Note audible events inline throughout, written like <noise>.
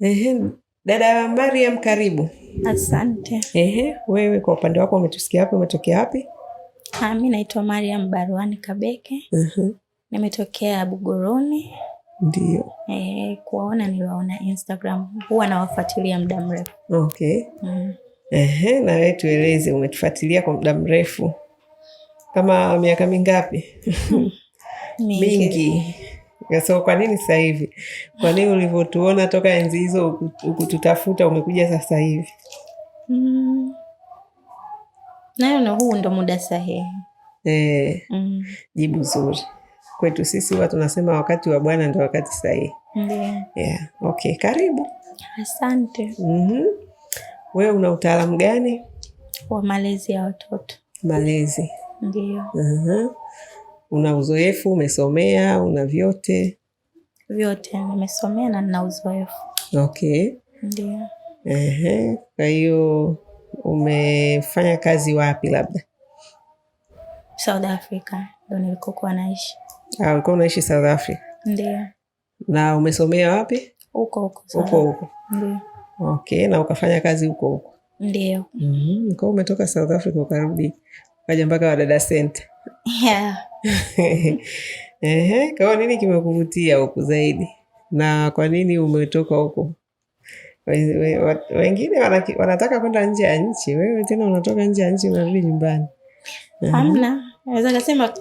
Ehe, dada Mariam karibu. Asante. Ehe, wewe kwa upande wako umetusikia wapi? Umetokea wapi? Ah, mi naitwa Mariam Baruani Kabeke. uh-huh. Nimetokea Bugoroni. Ndio. Eh, kuwaona niliwaona Instagram, huwa nawafuatilia muda mrefu. Okay. Mm. Ehe, na wewe tueleze, umetufuatilia kwa muda mrefu kama miaka mingapi? <laughs> Mingi. Mingi. So kwa nini sasa hivi? Kwa nini ulivyotuona toka enzi hizo ukututafuta umekuja sasa hivi? Mm. Naona huu ndo muda sahihi. eh. mm. Jibu zuri kwetu sisi, huwa tunasema wakati wa Bwana ndo wakati sahihi. Yeah. Yeah. Okay, karibu. Asante. mm -hmm. Wewe una utaalamu gani wa malezi ya watoto? Malezi, ndio. uh mhm. -huh. Una uzoefu, umesomea, una vyote vyote? Nimesomea na nina uzoefu. Okay, ndio. Ehe, kwa hiyo umefanya kazi wapi? Labda South Africa ndo nilikokuwa naishi. Ah, ulikuwa unaishi South Africa? Ndio. Na umesomea wapi? Huko huko huko huko. Ndio. Okay, na ukafanya kazi huko huko? Ndio. Mhm. mm Kwa umetoka South Africa ukarudi ukaja mpaka Wadada Center? Yeah. Ehe, kwa nini kimekuvutia huku zaidi na kwa nini umetoka huku? Wengine wanataka kwenda nje ya nchi, wewe tena unatoka nje ya nchi unarudi nyumbani. Hamna, naweza kasema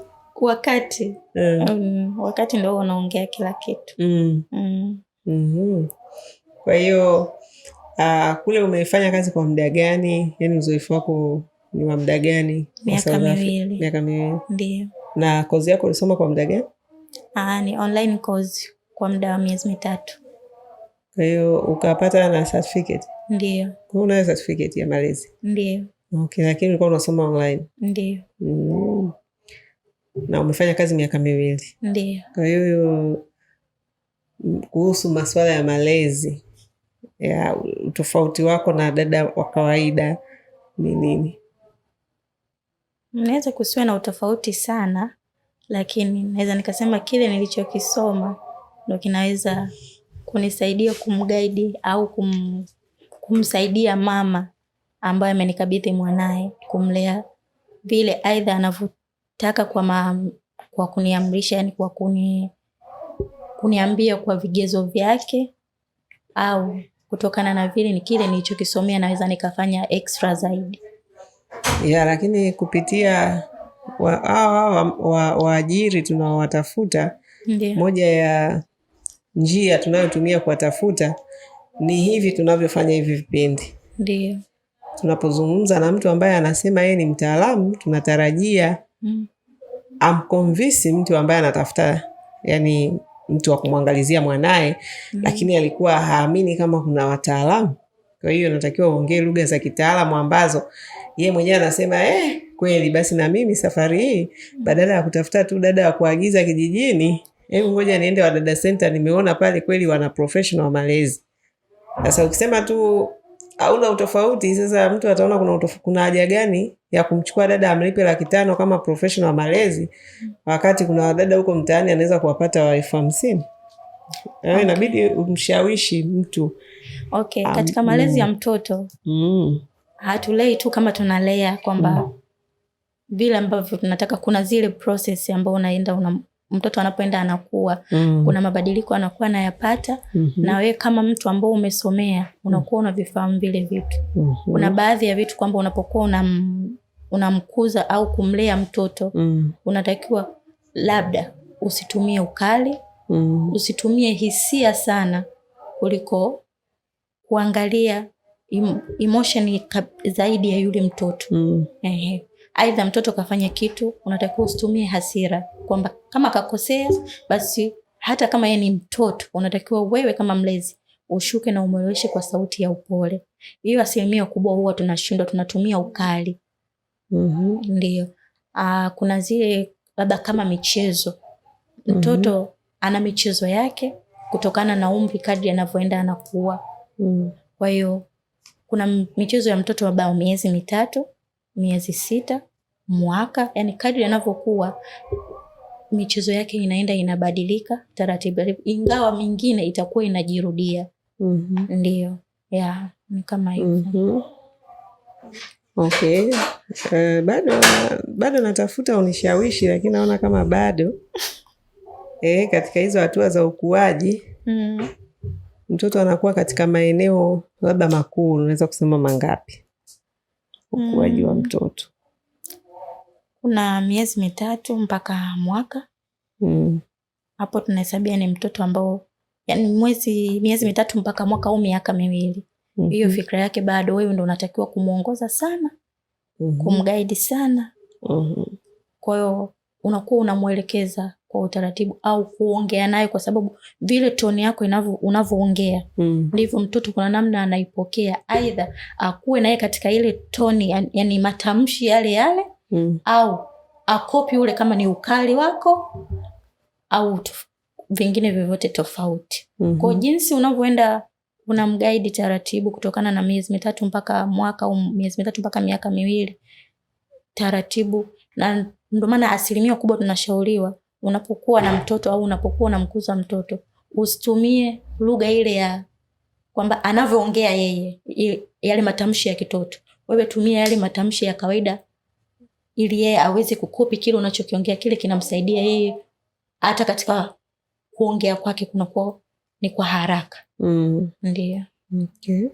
wakati eh, um, wakati ndo unaongea kila kitu mm, mm. -hmm. Kwa hiyo uh, kule umefanya kazi kwa muda gani? Yaani uzoefu wako ni wa muda gani miaka miwili Miaka miwili. ndio na kozi yako ulisoma kwa muda gani? Ah, ni online course kwa muda wa miezi mitatu. Kwa hiyo ukapata na certificate? Ndio. Unayo certificate ya malezi? Ndio. Okay, lakini ulikuwa unasoma online? Ndio. Mm. Na umefanya kazi miaka miwili? Ndio. Kwa hiyo kuhusu masuala ya malezi ya utofauti wako na dada wa kawaida ni nini? Naweza kusiwa na utofauti sana, lakini naweza nikasema kile nilichokisoma ndo kinaweza kunisaidia kumgaidi au kum, kumsaidia mama ambaye amenikabidhi mwanaye kumlea vile aidha anavyotaka kwa kwa kuniamrisha yani kwa kuni, kuniambia kwa vigezo vyake au kutokana na vile ni kile nilichokisomea naweza nikafanya extra zaidi ya lakini kupitia waajiri wa, wa tunaowatafuta yeah. Moja ya njia tunayotumia kuwatafuta ni hivi tunavyofanya hivi vipindi ndio Tunapozungumza na mtu ambaye anasema yeye ni mtaalamu, tunatarajia mm. amkonvisi mtu ambaye anatafuta yani mtu wa kumwangalizia mwanaye mm. Lakini alikuwa haamini kama kuna wataalamu kwa hiyo natakiwa uongee lugha za kitaalamu ambazo yeye mwenyewe anasema eh, kweli basi, na mimi safari hii badala ya kutafuta tu dada wa kuagiza kijijini, eh, ngoja niende wa dada Center, nimeona pale kweli wana professional wa malezi. Sasa ukisema tu hauna utofauti, sasa mtu ataona kuna utofauti, kuna haja gani ya kumchukua dada amlipe laki tano kama professional wa malezi, wakati kuna wadada huko mtaani anaweza kuwapata wa elfu hamsini okay. Inabidi umshawishi mtu okay. Um, katika malezi ya mm. mtoto mm. hatulei tu kama tunalea kwamba mm. vile ambavyo tunataka, kuna zile process ambao unaenda una mtoto anapoenda anakuwa mm. kuna mabadiliko anakuwa anayapata mm -hmm. na wewe kama mtu ambao umesomea mm. unakuwa unavifahamu vile vitu mm -hmm. una baadhi ya vitu kwamba unapokuwa unam, unamkuza au kumlea mtoto mm. unatakiwa labda usitumie ukali mm. Usitumie hisia sana kuliko kuangalia emotion zaidi ya yule mtoto mm. Ehe, aidha mtoto kafanya kitu, unatakiwa usitumie hasira kwamba kama kakosea basi, hata kama yeye ni mtoto, unatakiwa wewe kama mlezi ushuke na umweleweshe kwa sauti ya upole. Hiyo asilimia kubwa huwa tunashindwa, tunatumia ukali mm -hmm. Ndio. Aa, ah, kuna zile labda kama michezo mtoto mm -hmm ana michezo yake kutokana na umri, kadri anavyoenda anakuwa. Mm. Kwa hiyo kuna michezo ya mtoto ambao miezi mitatu, miezi sita, mwaka, yani kadri anavyokuwa michezo yake inaenda inabadilika taratibu, ingawa mingine itakuwa inajirudia. mm -hmm. Ndio ya ni kama hivyo. mm -hmm. Okay. Uh, bado bado natafuta unishawishi, lakini naona kama bado e, katika hizo hatua za ukuaji mm. mtoto anakuwa katika maeneo labda makuu, unaweza kusema mangapi ukuaji mm. wa mtoto? Kuna miezi mitatu mpaka mwaka mm. hapo mm. tunahesabia ni mtoto ambao yani mwezi miezi mitatu mpaka mwaka au miaka miwili mm hiyo -hmm. Fikra yake bado, wewe ndo unatakiwa kumwongoza sana mm -hmm. kumgaidi sana mm -hmm. Kwa hiyo unakuwa unamwelekeza kwa utaratibu au kuongea naye, kwa sababu vile toni yako unavyoongea mm. ndivyo mtoto kuna namna anaipokea, aidha akuwe naye katika ile toni yani, matamshi yale yale mm. au akopi ule kama ni ukali wako au tof- vingine vyovyote tofauti mm -hmm. Kwa jinsi unavyoenda una mgaidi taratibu, kutokana na miezi mitatu mpaka mwaka au miezi mitatu mpaka miaka miwili taratibu, na ndio maana asilimia kubwa tunashauriwa unapokuwa na mtoto au unapokuwa unamkuza mtoto usitumie lugha ile ya kwamba anavyoongea yeye, yale matamshi ya kitoto. Wewe tumia yale matamshi ya kawaida, ili yeye aweze kukopi kile unachokiongea, kile kinamsaidia yeye hata katika kuongea kwake kunakuwa ni kwa haraka. Mm. Ndio. Okay.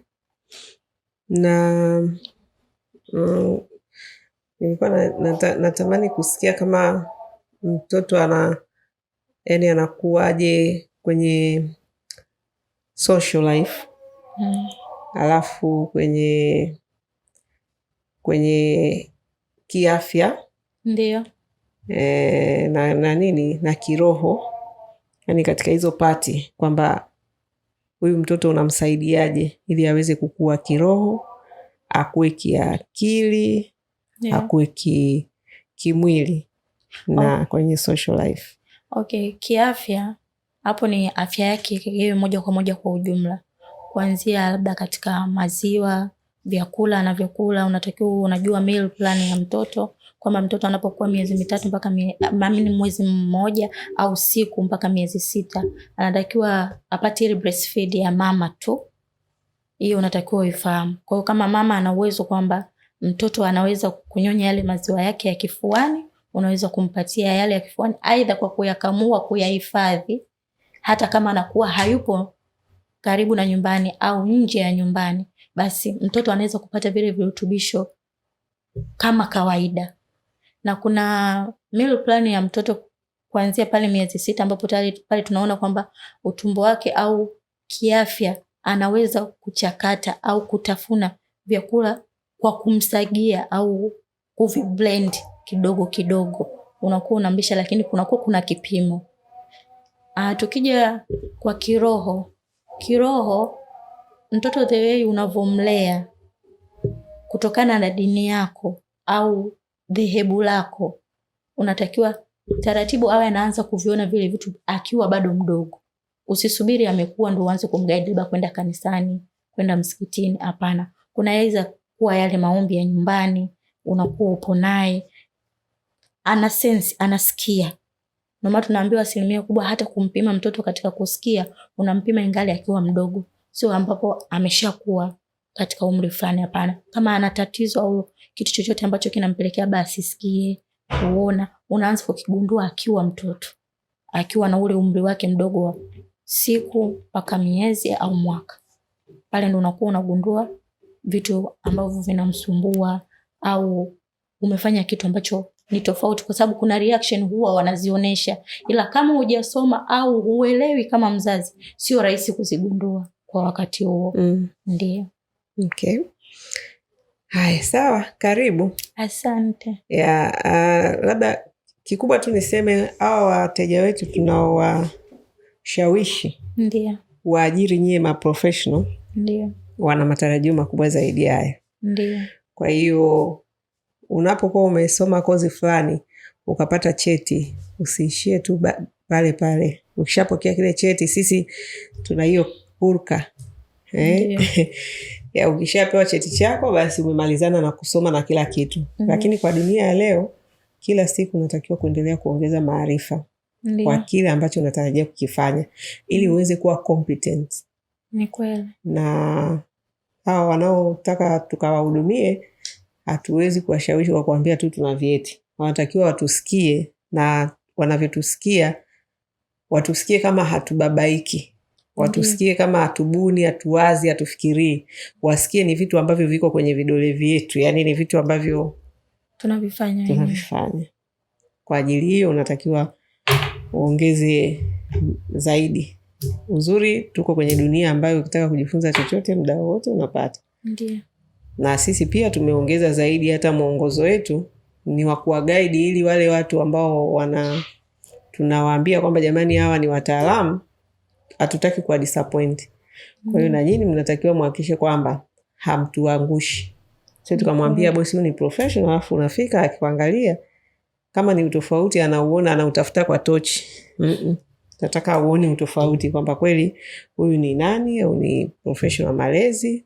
Na mm, nata, natamani kusikia kama mtoto ana yani anakuwaje kwenye social life mm. alafu kwenye kwenye kiafya ndio e, na, na nini na kiroho yani katika hizo pati kwamba huyu mtoto unamsaidiaje ili aweze kukua kiroho akuwe kiakili yeah. akuwe ki, kimwili na oh, kwenye social life. Okay, kiafya hapo ni afya yake yeye moja kwa moja kwa ujumla, kuanzia labda katika maziwa, vyakula anavyokula, unatakiwa unajua meal plan ya mtoto kwamba mtoto anapokuwa miezi mitatu mpaka mamini mwezi mmoja au siku mpaka miezi sita anatakiwa apate ile breastfeed ya mama tu, hiyo unatakiwa uifahamu. Kwa hiyo kama mama ana uwezo kwamba mtoto anaweza kunyonya yale maziwa yake ya kifuani unaweza kumpatia yale ya kifuani, aidha kwa kuyakamua, kuyahifadhi, hata kama anakuwa hayupo karibu na nyumbani au nje ya nyumbani, basi mtoto anaweza kupata vile virutubisho kama kawaida. Na kuna meal plan ya mtoto kuanzia pale miezi sita ambapo tayari pale tunaona kwamba utumbo wake au kiafya anaweza kuchakata au kutafuna vyakula kwa kumsagia au kuviblend kidogo kidogo, unakuwa unambisha, lakini kunakuwa kuna kipimo. Ah, tukija kwa kiroho, kiroho mtoto the way unavomlea kutokana na dini yako au dhehebu lako, unatakiwa taratibu awe anaanza kuviona vile vitu akiwa bado mdogo. Usisubiri amekuwa ndo uanze kumgaidi labda kwenda kanisani, kwenda msikitini. Hapana, kunaweza kuwa yale maombi ya nyumbani unakuwa upo naye, ana sense, anasikia. Ndio maana tunaambiwa asilimia kubwa hata kumpima mtoto katika kusikia unampima ingali akiwa mdogo, sio ambapo ameshakuwa katika umri fulani. Hapana, kama ana tatizo au kitu chochote ambacho kinampelekea basi sikie, kuona, unaanza kukigundua akiwa mtoto, akiwa na ule umri wake mdogo wa siku mpaka miezi au mwaka. Pale ndo unakuwa unagundua vitu ambavyo vinamsumbua au umefanya kitu ambacho ni tofauti, kwa sababu kuna reaction huwa wanazionyesha, ila kama hujasoma au huelewi kama mzazi, sio rahisi kuzigundua kwa wakati huo. Mm. Ndio. Okay. Haya, sawa, karibu. Asante ya. Uh, labda kikubwa tu niseme hawa wateja wetu tunaowashawishi ndio waajiri nyie maprofessional, ndio wana matarajio makubwa zaidi haya. Ndio. Kwa hiyo unapokuwa umesoma kozi fulani ukapata cheti, usiishie tu pale pale. Ukishapokea kile cheti, sisi tuna hiyo hulka eh? <laughs> Yeah. ukishapewa cheti chako basi umemalizana na kusoma na kila kitu mm -hmm. Lakini kwa dunia ya leo, kila siku unatakiwa kuendelea kuongeza maarifa kwa kile ambacho unatarajia kukifanya ili mhm. uweze kuwa competent. Ni kweli. Na hawa wanaotaka tukawahudumie hatuwezi kuwashawishi kwa kuambia tu tuna vyeti. Wanatakiwa watusikie na wanavyotusikia watusikie kama hatubabaiki, watusikie mhm. kama hatubuni, hatuwazi, hatufikirii, wasikie ni vitu ambavyo viko kwenye vidole vyetu, yani ni vitu ambavyo tunavifanya tunavifanya. Kwa ajili hiyo, unatakiwa uongeze zaidi. Uzuri tuko kwenye dunia ambayo ukitaka kujifunza chochote muda wowote unapata, ndio na sisi pia tumeongeza zaidi, hata mwongozo wetu ni wa kuwagaidi ili wale watu ambao wana tunawaambia kwamba jamani, hawa ni wataalamu, hatutaki kuwa disappoint. Kwa hiyo mm. na nyinyi mnatakiwa muhakikishe kwamba hamtuangushi, sio tukamwambia mm. bosi huyu ni professional, alafu unafika akikuangalia kama ni utofauti anauona, anautafuta kwa tochi. Mm-mm. Nataka uone utofauti kwamba kweli huyu ni nani au ni professional malezi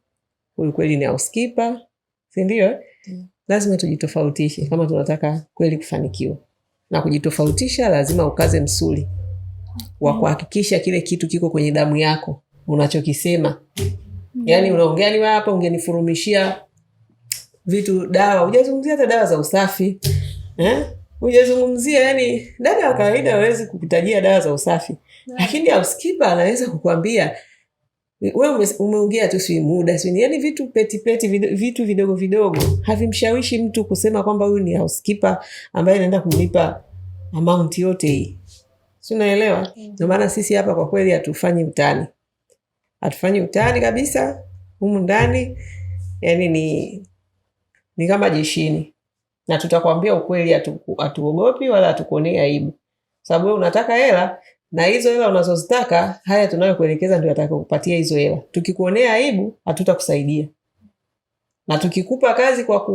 huyu kweli ni auskipa, sindio? Mm. Lazima tujitofautishe kama tunataka kweli kufanikiwa, na kujitofautisha lazima ukaze msuli wa mm. kuhakikisha kile kitu kiko kwenye damu yako unachokisema. Mm. Yaani unaongea niwe hapa, ungenifurumishia vitu dawa, ujazungumzia hata dawa za usafi eh? ujazungumzia yani, dada wa kawaida awezi kukutajia dawa za usafi, mm. lakini auskipa anaweza kukwambia we umeongea tu si muda si yani vitu petipeti peti, vitu vidogo vidogo havimshawishi mtu kusema kwamba huyu ni housekeeper ambaye anaenda kumlipa amount yote hii, si unaelewa? Mm. Ndio maana sisi hapa kwa kweli hatufanyi utani, hatufanyi utani kabisa humu ndani, yani ni ni kama jeshini, na tutakwambia ukweli, hatuogopi atu, wala hatukuonea aibu, sababu wewe unataka hela na hizo hela unazozitaka, haya tunayokuelekeza ndio yatakayokupatia hizo hela. Tukikuonea aibu, hatutakusaidia na tukikupa kazi kwa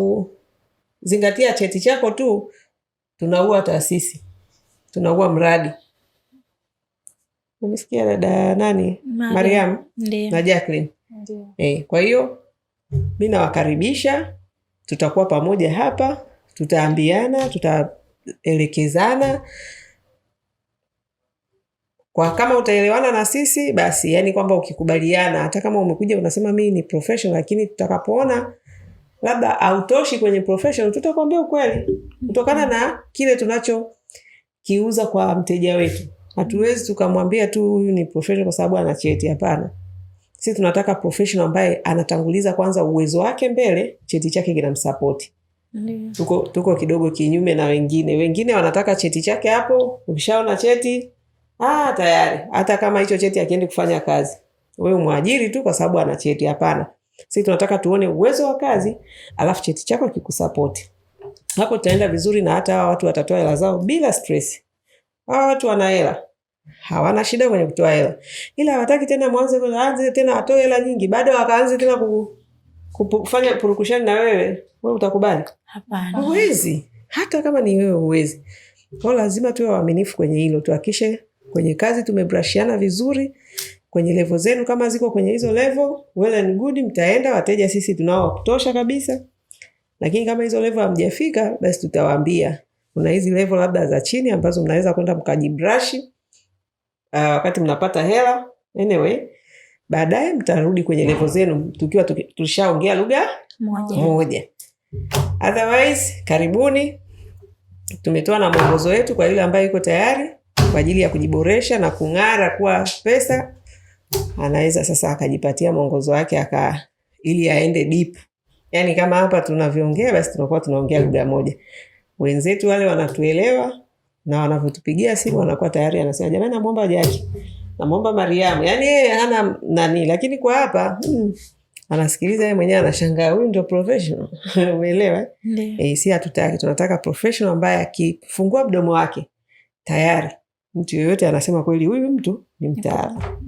kuzingatia cheti chako tu, tunaua taasisi, tunaua mradi. Umesikia dada nani, Mariam na Jacqueline? Eh, kwa hiyo mi nawakaribisha, tutakuwa pamoja hapa, tutaambiana, tutaelekezana kwa kama utaelewana na sisi basi, yani kwamba ukikubaliana, hata kama umekuja unasema mimi ni professional, lakini tutakapoona labda autoshi kwenye professional, tutakwambia ukweli kutokana na kile tunacho kiuza kwa mteja wetu. Hatuwezi tukamwambia tu huyu ni professional kwa sababu ana cheti, hapana. Sisi tunataka professional ambaye anatanguliza kwanza uwezo wake mbele, cheti chake kinamsapoti. Tuko, tuko kidogo kinyume na wengine. Wengine wanataka cheti chake hapo, ukishaona cheti ah, tayari hata kama hicho cheti akiende kufanya kazi, wewe mwajiri tu kwa sababu ana cheti. Hapana, sisi tunataka tuone uwezo wa kazi, alafu cheti chako kikusapoti. Hapo tutaenda vizuri, na hata hawa watu watatoa hela zao bila stress. Hawa watu wana hela, hawana shida kwenye kutoa hela, ila hawataki tena mwanze aanze tena atoe hela nyingi, bado wakaanze tena kufanya purukushani na wewe. Wewe utakubali? Hapana, huwezi. Hata kama ni wewe huwezi, kwa lazima tuwe waaminifu kwenye hilo, tuhakishe Kwenye kazi tumebrashiana vizuri kwenye levo zenu, kama ziko kwenye hizo levo, well and good, mtaenda wateja, sisi tunao wa kutosha kabisa. Lakini kama hizo levo hamjafika, basi tutawaambia kuna hizi levo labda za chini ambazo mnaweza kwenda mkajibrashi uh, ah, wakati mnapata hela. Anyway, baadaye mtarudi kwenye levo zenu tukiwa tulishaongea lugha moja moja. Otherwise, karibuni. Tumetoa na mwongozo wetu kwa yule ambaye yuko tayari kwa ajili ya kujiboresha na kung'ara kuwa pesa, anaweza sasa akajipatia mwongozo wake aka ili aende deep. Yani kama hapa tunavyoongea basi tunakuwa tunaongea lugha moja. Wenzetu wale wanatuelewa na wanavyotupigia simu wanakuwa tayari anasema jamani, namwomba Jaki, namwomba Mariamu. Yani yeye hana nani, lakini kwa hapa mm, anasikiliza yeye mwenyewe anashangaa, huyu ndio professional. <laughs> Umeelewa? Eh, si hatutaki, tunataka professional ambaye akifungua mdomo wake tayari mtu yoyote anasema kweli huyu mtu ni mtaala.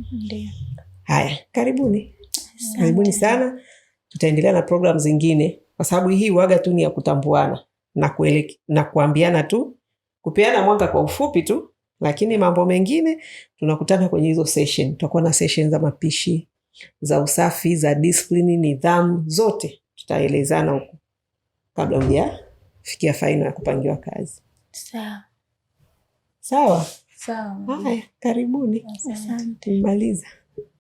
Haya, karibuni, Sante. karibuni sana. Tutaendelea na programu zingine, kwa sababu hii waga tu ni ya kutambuana na kueleke, na kuambiana tu, kupeana mwanga kwa ufupi tu, lakini mambo mengine tunakutana kwenye hizo session. Tutakuwa na session za mapishi, za usafi, za disiplini, nidhamu, zote tutaelezana huku kabla hujafikia faina ya kupangiwa kazi. Sawa, sawa. Sawa. Haya, karibuni. Asante. Maliza.